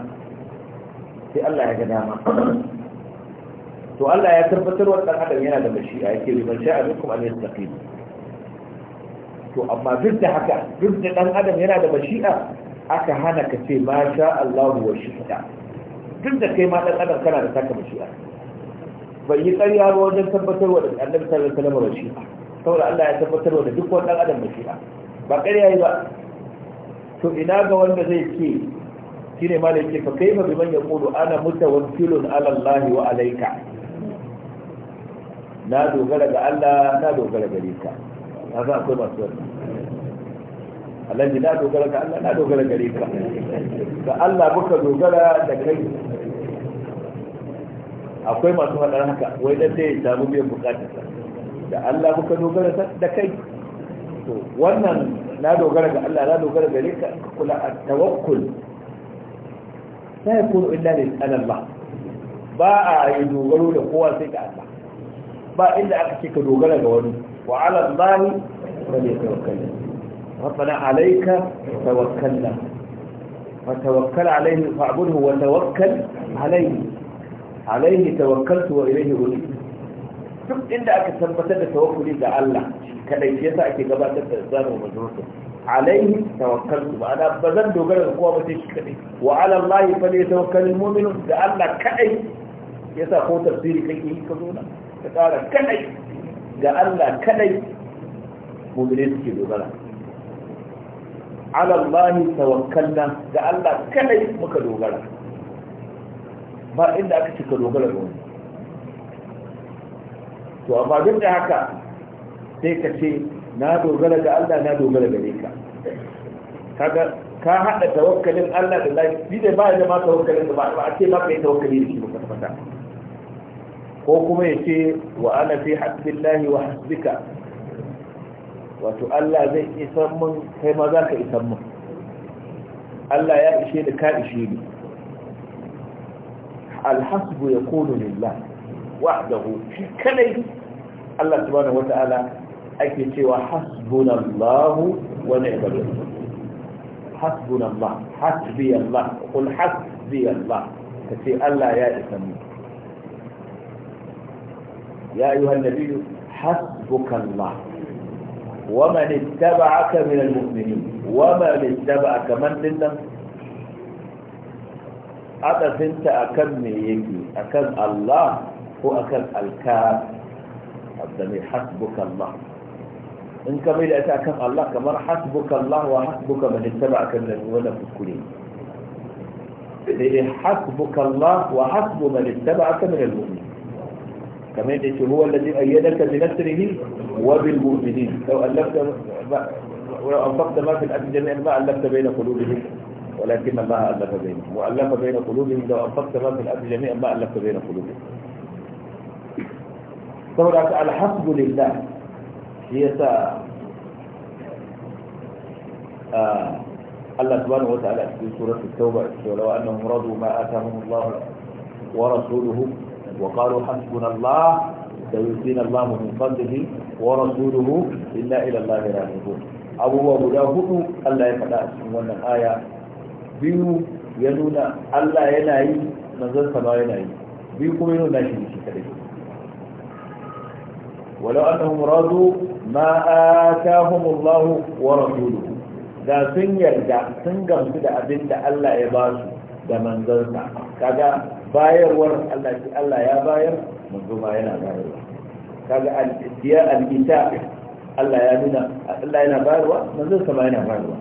sai Allah ya ga dama to Allah ya tabbatar wa dan adam yana da mashi'a yake ban sha'a minkum an yastaqim to amma duk da haka duk da dan adam yana da mashi'a aka hana ka ce ma sha Allah wa shi'a duk da kai ma dan adam kana da saka mashi'a bai yi ƙarya ba wajen tabbatar wa dan annabi sallallahu alaihi wasallam mashi'a saboda Allah ya tabbatar wa duk wani dan adam mashi'a ba ƙarya yi ba to ina ga wanda zai ce shine ma da yake fa kaifa biman yaqulu ana mutawakkilun ala Allah wa alayka na dogara ga Allah na dogara gare ka haka akwai masu wannan alhaji na dogara ga Allah na dogara gare ka ga Allah muka dogara da kai akwai masu faɗar haka wai dan dai samu biyan bukatarsa da Allah muka dogara da kai to wannan na dogara ga Allah na dogara gare ka kula a tawakkul la yakunu illa lil Allah ba ba a yi dogaro da kowa sai ga Allah ba inda aka ce ka dogara ga wani wa ala Allah falyatawakkal rabbana alayka tawakkalna wa tawakkal alayhi fa'budhu wa tawakkal alayhi alayhi tawakkaltu wa ilayhi unib duk inda aka tabbatar da tawakkuli ga Allah kadai yasa ake gabatar da zamu majrusa alaihi tawakkaltu ba d'a ba zan dogara ga kowa ba sai shi kadai wa ala Allah fa tawakkal mu'minu da Allah kadai yasa ko tafsiri kake yi ka zo na ka tsara kadai ga Allah kadai mu'mini suke dogara ala Allah tawakkalna ga Allah kadai muka dogara ba inda aka cika dogara ga wani to amma duk da haka sai ka ce na dogara ga Allah na dogara gare ka kaga ka hada tawakkalin Allah da lafi da ba da ma tawakkalin da ba a ce ba kai tawakkali da shi ba fata ko kuma ya ce wa ana fi hasbillahi wa hasbika wato Allah zai isan mun kai ma za ka isan mun Allah ya ishe da ka ishe ni alhasbu yakunu lillah wahdahu shi kadai Allah subhanahu wata'ala أكتوا حسبنا الله ونعم الوكيل حسبنا الله حسبي الله قل حسبي الله كتي الله يا إسمي يا أيها النبي حسبك الله ومن اتبعك من المؤمنين ومن اتبعك من لنا أعرف أنت أكمي يجي أكم الله هو أكم الكاب حسبك الله in ka mai da ita akan Allah kamar hasbuka Allah wa hasbuka man ittaba'aka min wannan kuskure sai hasbuka Allah wa hasbu man ittaba'aka min al-mu'minin kamar da yake huwa alladhi ayyadaka bi nasrihi wa bil mu'minin law allafta ولو أنفقت ما في الأرض جميعا ما ألفت بين قلوبهم ولكن الله ألف بينهم وألف بين قلوبهم لو أنفقت ما في الأرض جميعا ما ألفت بين قلوبهم saboda ka alhasbu lillah shi yasa Allah subhanahu wata'ala cikin suratul tauba cewa law annahum radu ma atahum Allah wa rasuluhu wa qalu hasbuna Allah sayu'tina Allah min fadlihi wa rasuluhu illa ila Allah raji'un abubuwa guda hudu Allah ya faɗa a cikin wannan aya biyu ya nuna Allah yana yi manzon sa ba yana yi biyu kuma yana shi shi kadai ولو أنهم رضوا ما آتاهم الله ورسوله da yarda sun gamsu da abin da Allah ya ba su da manzansa kaga bayarwar Allah ya bayar manzo yana bayarwa kaga al-istiya al Allah ya bayarwa manzansa ma yana bayarwa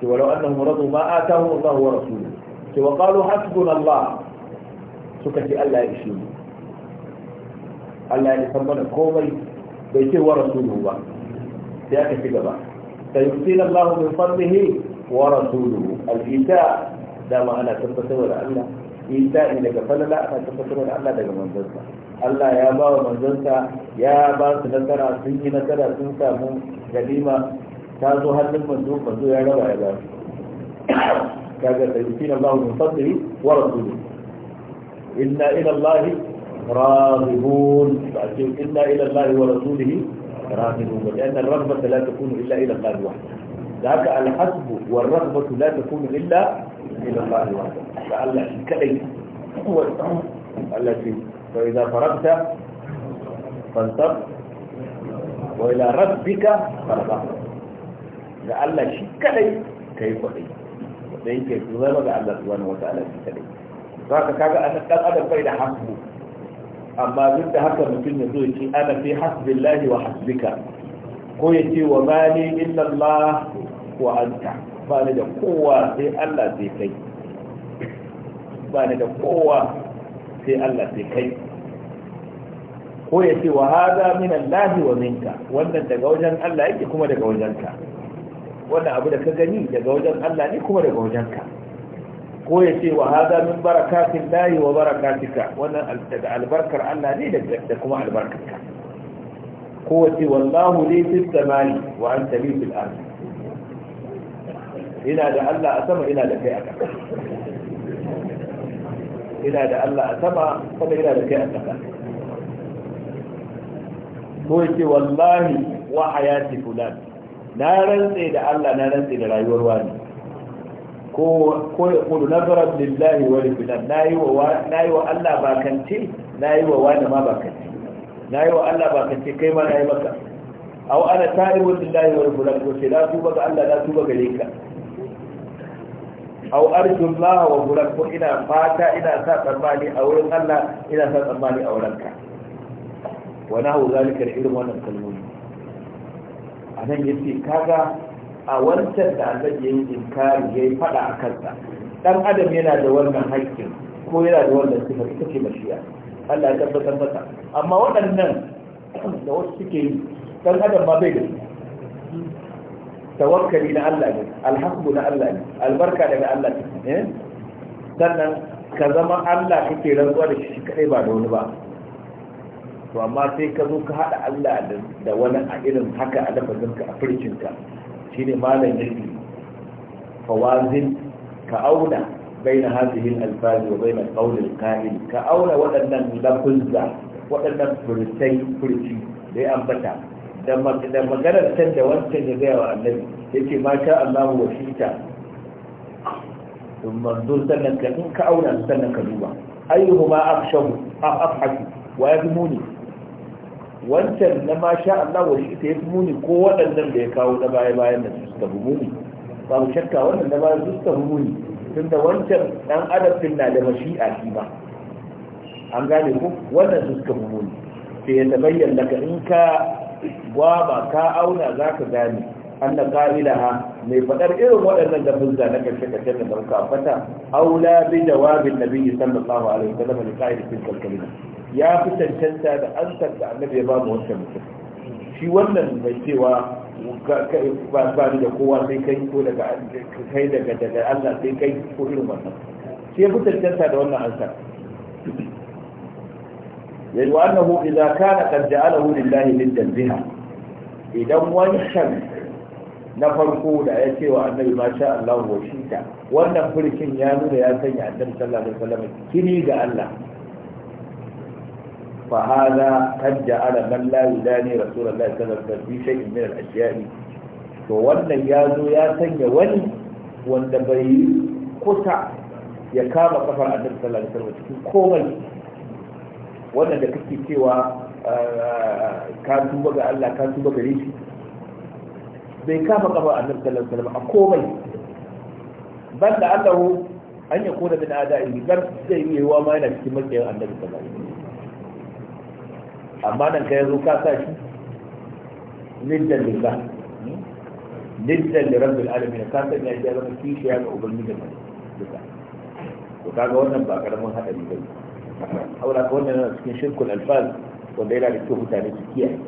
to walau annahum radu ma atahu Allah wa rasuluhu to wa suka ce Allah Allah ya komai bai ce wa rasuluhu ba sai aka ci gaba sayusina Allah min fadlihi wa rasuluhu al-ita da ma ana tabbatar da Allah ita ne daga falala ana tabbatar da Allah daga manzansa Allah ya ba wa manzansa ya ba su nasara sun yi nasara sun samu ganima ta zo hannun manzo manzo ya raba ya ba su kaga sayusina Allah min fadlihi wa rasuluhu inna ila Allah راغبون إلا إلى الله ورسوله راغبون لأن الرغبة لا تكون إلا إلى الله وحده ذاك الحسب والرغبة لا تكون إلا إلى الله وحده فألا كأي هو التي فإذا فرغت فانصب وإلى ربك فرغب لعل شيء كأي كيف أي da yake zuwa ga سبحانه وتعالى wataala shi kadai zaka kaga amma duk da haka mutum ya zo ce ana fi hasbillahi wa hasbika ko ya ce wa mani illa Allah wa anta ba ni da kowa sai Allah sai kai ba ne da kowa sai Allah sai kai ko ya ce wa hada min Allah wa minka wannan daga wajen Allah yake kuma daga wajenka wannan abu da ka gani daga wajen Allah ne kuma daga wajenka ويتي وهذا من بركات الله وبركاتك وانا البركة عنا لي لكما البركة قوتي والله لي في الثمان وانت لي في الارض إلى ده الله أسمى إلى ده في أكا إلى ده الله أسمى فإلى ده في أكا قوتي والله وحياتي فلان نارنسي ده الله لا ده لا يورواني ko ya kudu da lillahi wa lifinan na yi wa Allah bakance na yi wa wani ma bakance na yi wa Allah bakance kai ma na yi maka A au ana ta'ibun lillahi wa lifinan ko sai na tuba ga Allah na tuba gare ka au arjun laha wa bulan ko ina fata ina sa tsammani a wurin Allah ina sa tsammani a wurin ka wani hau zalikar irin wannan kalmomi A nan yace kaga a wancan da annabi yayi inkari yayi fada a kansa dan adam yana da wannan haƙƙin ko yana da wannan sifa ita ce mashiya Allah ya tabbatar masa amma waɗannan da wasu suke yi dan adam ba bai da su tawakkali na Allah ne alhamdu na Allah ne albarka daga Allah ne eh? sannan ka zama Allah kake rantsuwa da shi kadai ba da wani ba to amma sai ka zo ka haɗa Allah da wani a irin haka a lafazinka a firkinka ne malam yake fawazin ka auna baina hadhihi al-alfaz wa bai na al-qa'il ka auna waɗannan lafuzza waɗannan furtai furci da ya ambata da maganar can da wancan ya gaya wa annabi ce ma sha Allah wa shita manzur sannan ka in ka auna sannan ka duba ayyuhuma afshahu afhaku wa yadmuni wancan na masha Allah wa ita ya fi muni ko waɗannan da ya kawo na baya bayan nan su tafi muni Ba mu shakka wannan na baya su tafi muni tun da wancan ɗan adabin na da mashi'a shi ba an gane ku wannan su tafi muni sai ya tabayyan daga in ka gwaba ka auna za ka gane an da ha mai faɗar irin waɗannan da fuzza na karshe karshe da barka fata aula bi jawabin nabi sallallahu alaihi wasallam da ƙa'idin kalkalina ya fi cancanta da an da annabi ya ba mu wancan mutum shi wannan mai cewa ba ni da kowa sai kai ko daga kai daga daga Allah sai kai ko irin wannan sai fi cancanta da wannan ansar yadda annahu idza kana qad ja'alahu lillahi liddan biha idan wancan na farko da ya cewa annabi ma sha Allah wa shi ta wannan furkin ya nuna ya sanya annabi sallallahu alaihi wasallam kini ga Allah فهذا قد جعل من لا يداني رسول الله صلى الله عليه وسلم في شيء من الاشياء فوالن يازو يا سنيا ولي wanda bai kusa ya kama kafar annabi sallallahu alaihi wasallam cikin komai wannan da kake cewa eh, ka tuba ga Allah ka tuba gare shi bai kama kafar annabi sallallahu alaihi wasallam a komai banda Allah an ya kona bin ada'i zan zai yi wa ma yana cikin makiyan annabi sallallahu alaihi wasallam amma nan ka yazo ka sa shi liddan lillah liddan rabbil alamin ka san ya ji zama kishi ya ga ubangiji mai duka to kaga wannan ba karamin hadari bane aura ko wannan na cikin shirkul ko wanda yana da kyau mutane su kiyaye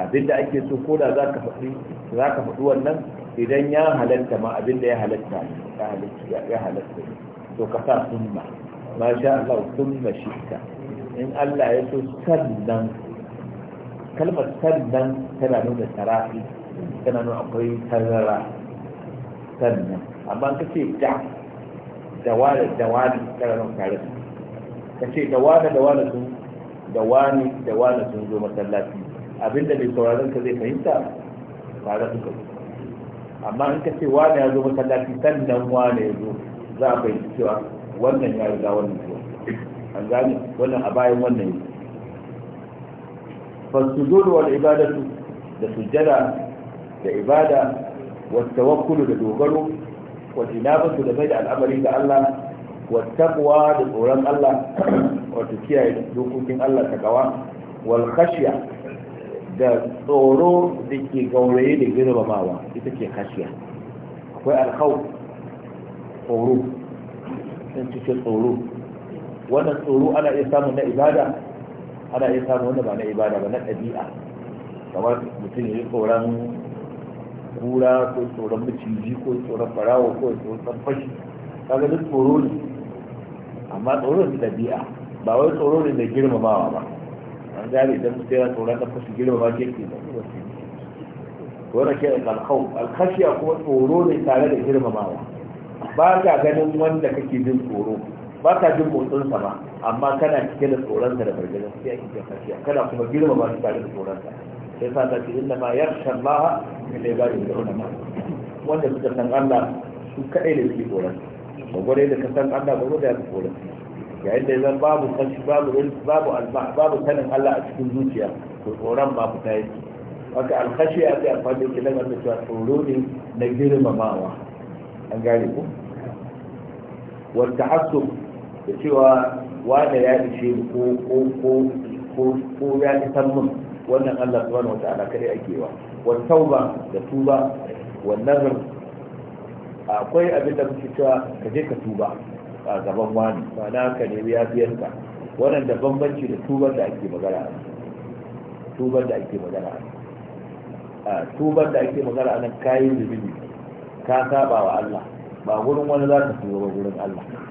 abinda ake so ko da za ka faɗi za ka faɗi wannan idan ya halatta ma abinda ya halatta ya halatta ya halatta to ka sa sunna ma sha Allah sunna shirka in Allah ya so sannan kalmar sannan tana nuna tarafi tana nuna akwai tarara sannan amma ka ce da da wani da wani tana nuna tare ka ce da wani da wani sun da wani da wani sun zo masallaci abinda mai sauraron ka zai fahimta tare suka zo amma in ka ce wani ya zo masallaci sannan wani ya zo za a fahimci cewa wannan ya riga wannan zuwa an gane wannan a bayan wannan yi fasujudu wal ibadatu da sujjada da ibada wa tawakkulu da dogaro wa tinabatu da bai da al'amari ga Allah wa taqwa da tsoron Allah wato kiyaye dokokin Allah takawa wal khashya da tsoro da ke gauraye da girmamawa ita ke khashya akwai alkhawf tsoro sun ce tsoro wannan tsoro ana iya samun na ibada ana iya samun wanda ba na ibada ba na ɗabi'a kamar mutum ya yi tsoron kura ko tsoron maciji ko tsoron farawa ko tsoron fashi kaga duk tsoro ne amma tsoro ne ɗabi'a ba wai tsoro ne da girmamawa ba an gane idan mutum yana tsoron ɗan fashi girmama ke ke wannan ke alkhau alkhashiya kuma tsoro ne tare da girmamawa ba ka ganin wanda kake jin tsoro ba ka jin motsinsa ba amma kana cike da tsoronsa da fargabar sai ake jin kafiya kana kuma girma ba su tare da tsoronsa sai sa ta ce inna ma yarsha Allah min ibadin da ulama wanda suka san Allah su kadai da suke tsoron ba gwada da ka san Allah ba gwada da tsoronsa yayin da zan babu kashi babu rinsu babu alba babu sanin Allah a cikin zuciya to tsoron ba ta yi. haka alkashi a sai amfani da kilan da cewa tsoro ne na girmamawa an gane ku wata da cewa wanda ya ishe ko ko ko ko ya isar min wannan Allah subhanahu wataala kare a wa wa tauba da tuba wa nazar akwai abin da muke cewa ka je ka tuba a gaban wani ma'ana ka nemi yafiyarka wannan da bambanci da tubar da ake magana tubar da ake magana a tubar da ake magana a nan kayan zubi ka saba wa Allah ba gurin wani za ka tuba ba gurin Allah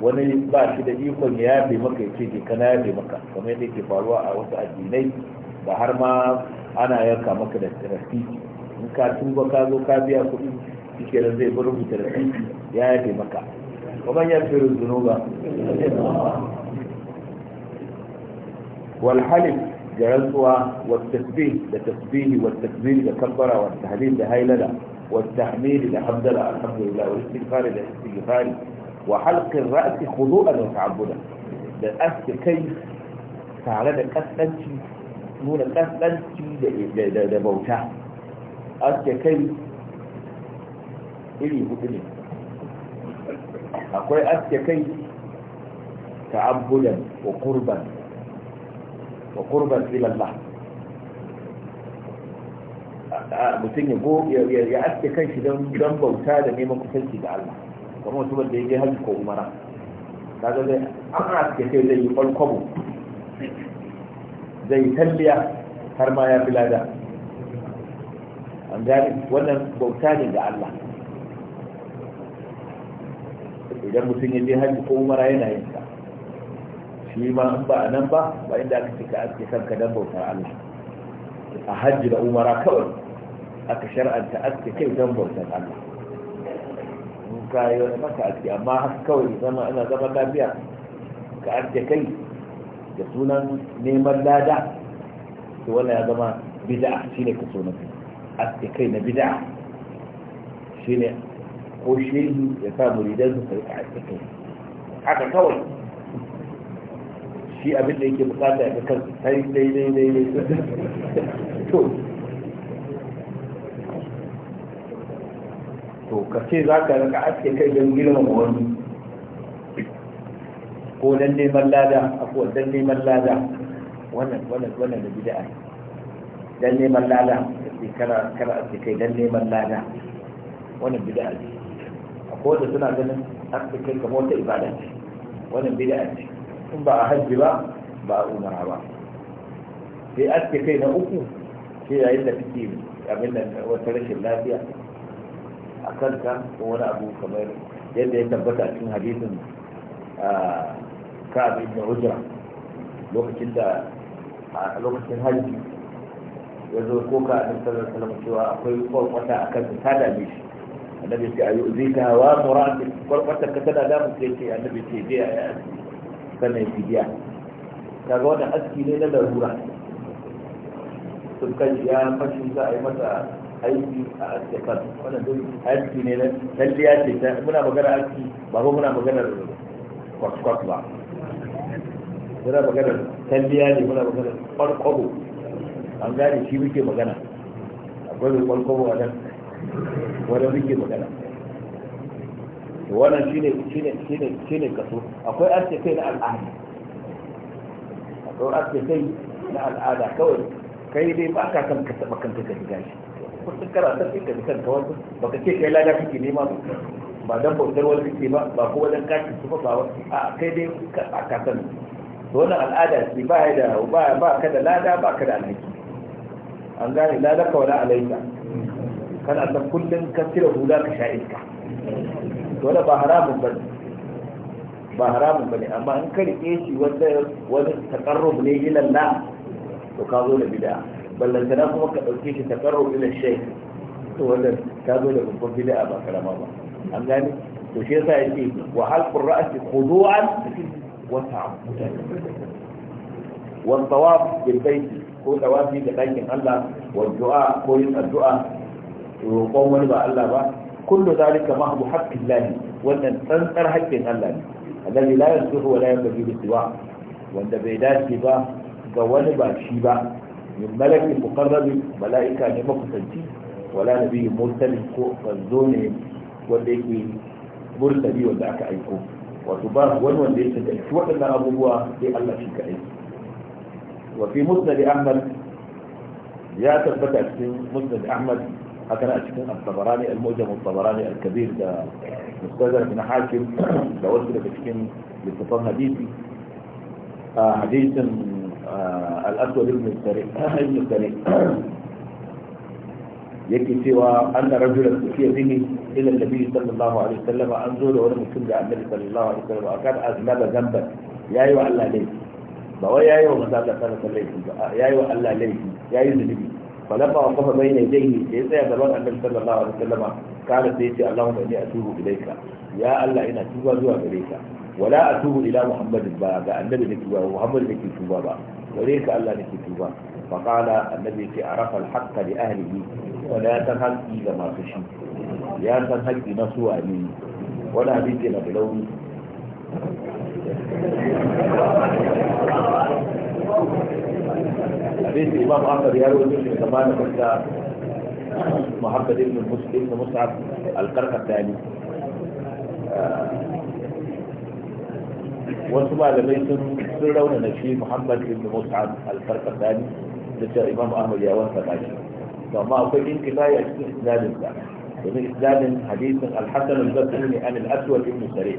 wani ba shi da ikon ya yafe maka ya ce je kana yafe maka kamar yadda yake faruwa a wasu addinai da har ma ana yanka maka da rafiki in ka tuba ka zo ka biya kuɗi shike da zai bi rubuta rafiki ya yafe maka kuma ya fi ruzuno ba walhalif da rantsuwa والتسبيح da tasbihi wa takbir da kabbara wa tahlil da hailala wa tahmid da hamdala alhamdulillah wa istighfar da istighfar wa halkin halqin ra'si a wa ta'abbudan da aske kai tare da kaskanci nuna kaskanci da bauta aske kai iri hudu ne akwai aske kai ta'abbudan wa qurban wa qurban ila mutum ya aske kan shi don bauta da neman kusanci da Allah kuma mutumin da ya je hajji ko umara kaga zai an aske sai zai yi kwalkwabo zai talliya har ma ya fi lada an gani wannan bauta ne ga Allah idan mutum ya je hajji ko umara yana yin sa shi ma an ba a nan ba ba inda aka ce ka aske kanka dan bautar Allah a hajji da umara kawai aka shar'anta aske kai dan bautar Allah kayo da maka aski amma haka kawai zama ana zama lafiya ka aske kai da sunan neman lada to wannan ya zama bid'a shine ka sunan aske kai na bid'a shine ko shehu ya sa muridan su sai aske kai haka kawai shi abin da yake bukata ya ga kansa sai dai dai dai to to ka ce za ka raka aske kai don girmama wani ko dan neman lada akwai dan neman lada wannan wannan wannan da bid'a dan neman lada sai kana kana aske kai dan neman lada wannan bid'a ne akwai da suna ganin aske kai kamo ta ibada ce wannan bid'a ce in ba a hajji ba ba a umara ba sai aske kai na uku sai yayin da kake abin da wata rashin lafiya a kanka ko wani abu kamar yadda ya tabbata cikin hadisin ka'ab da hujjar lokacin da a lokacin hajji ya zo ko ka a sallallahu salama cewa akwai kwakwata a kansa ta dame shi annabi ce ayu zika wa murati kwakwata ka tana damu sai ce annabi ce je a yi sannan fidiya kaga wannan aski ne na larura sun kai ya fashin za a yi masa aiki a askefar wannan dole aiki ne na talliya ce ta muna magana aiki ba ko muna magana kwakwak ba muna magana talliya ne muna magana kwarkwabo an gane shi muke magana akwai mai kwarkwabo a nan wani muke magana wannan shine ne shi ne kaso akwai aske kai na al'ada akwai aske kai na al'ada kawai kai dai ba ka san ka taba kanka ka shiga shi kullum kana ta fika da kanka wani ka ce kai lada kake nema ba ba dan bautar wani kake ba ba ko wajen kashi su ba ba a kai dai a kasan to wannan al'ada ce ba da ba ba ka da lada ba ka da alhaki an gane lada ka wala alaika kana ta kullum ka tira hula ka sha iska to wannan ba haramun ba ba haramun bane amma in ka rike shi wanda wani takarrub ne ilallah to ka zo da bid'a بل الكلام هو كأوكيك تقرب إلى الشيخ هو ده كابو ده بكون بلاء أبا كلام أبا أم ذلك تشيطا يجي وحلق الرأس خضوعا وتعبدا والطواف بالبيت هو توافي لغير الله والدعاء كل الدعاء وقوم لبا الله با. كل ذلك ما هو حق الله ولا تنصر حق الله الذي لا ينصره ولا ينبغي بالدعاء وأن بيدات سبا قوان با min malakin muqarrabi mala'ika ne makusanci wala nabi mursali ko manzo ne wanda yake mursali wanda aka aiko wato ba wani wanda ya tantance waɗannan abubuwa sai Allah shi kadai wa fi musnad Ahmad ya tabbata cikin musnad Ahmad haka na cikin al-Tabarani al-Mu'jam al-Tabarani al-Kabir da Mustadrak na Hakim da wasu daga cikin littafan hadisi a hadisin al'aswar ibn sari yake cewa an da rajulan su fiye zini ilan da biyu sallallahu alaihi sallama an zo da wani mutum da annabi sallallahu alaihi sallama akan aznaba zamban ya yi wa allah laifi ba wai ya yi wa maza allah laifi ba ya yi wa allah laifi ya yi zunubi فلما وقف بين يديه يسعى زمان النبي صلى الله عليه وسلم قال سيدي اللهم اني اتوب اليك يا الله ان اتوب زوا اليك ولا اتوب الى محمد با النبي نكي محمد نكي توبا با وليس ألا نكتوبة فقال الذي عرف الحق لأهله ولا تنهل إذا ما تشي لا تنهل إذا سوى أمين ولا بيتنا بلوم حديث الإمام عمر يروي في زمان مكة محمد بن المسلم مصعب القرن الثاني آه، wasu malamai sun sun rauna na shi muhammad ibn mus'ab al-farqasani da cewa imam ahmad ya wanka ba shi amma akwai inkifai a cikin isnadin sa domin isnadin hadisin al-hasan al-basri ne an al-aswad ibn sari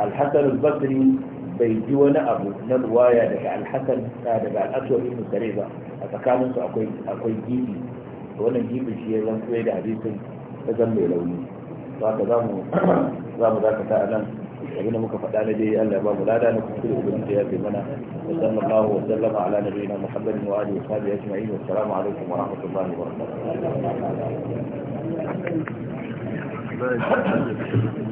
al-hasan al-basri bai ji wani abu na ruwaya daga al-hasan daga al-aswad ibn sari ba a tsakanin su akwai akwai gibi wannan gibin shi ya zan da hadisin ta zan mai launi za ka za mu za mu dakata a nan abin da muka faɗa na dai Allah ba mu lada na kuskure ubangiji ya bai mana wa sallallahu wa sallama ala nabiyina muhammadin wa alihi wa sahbihi ajma'in wa assalamu alaikum wa rahmatullahi wa barakatuh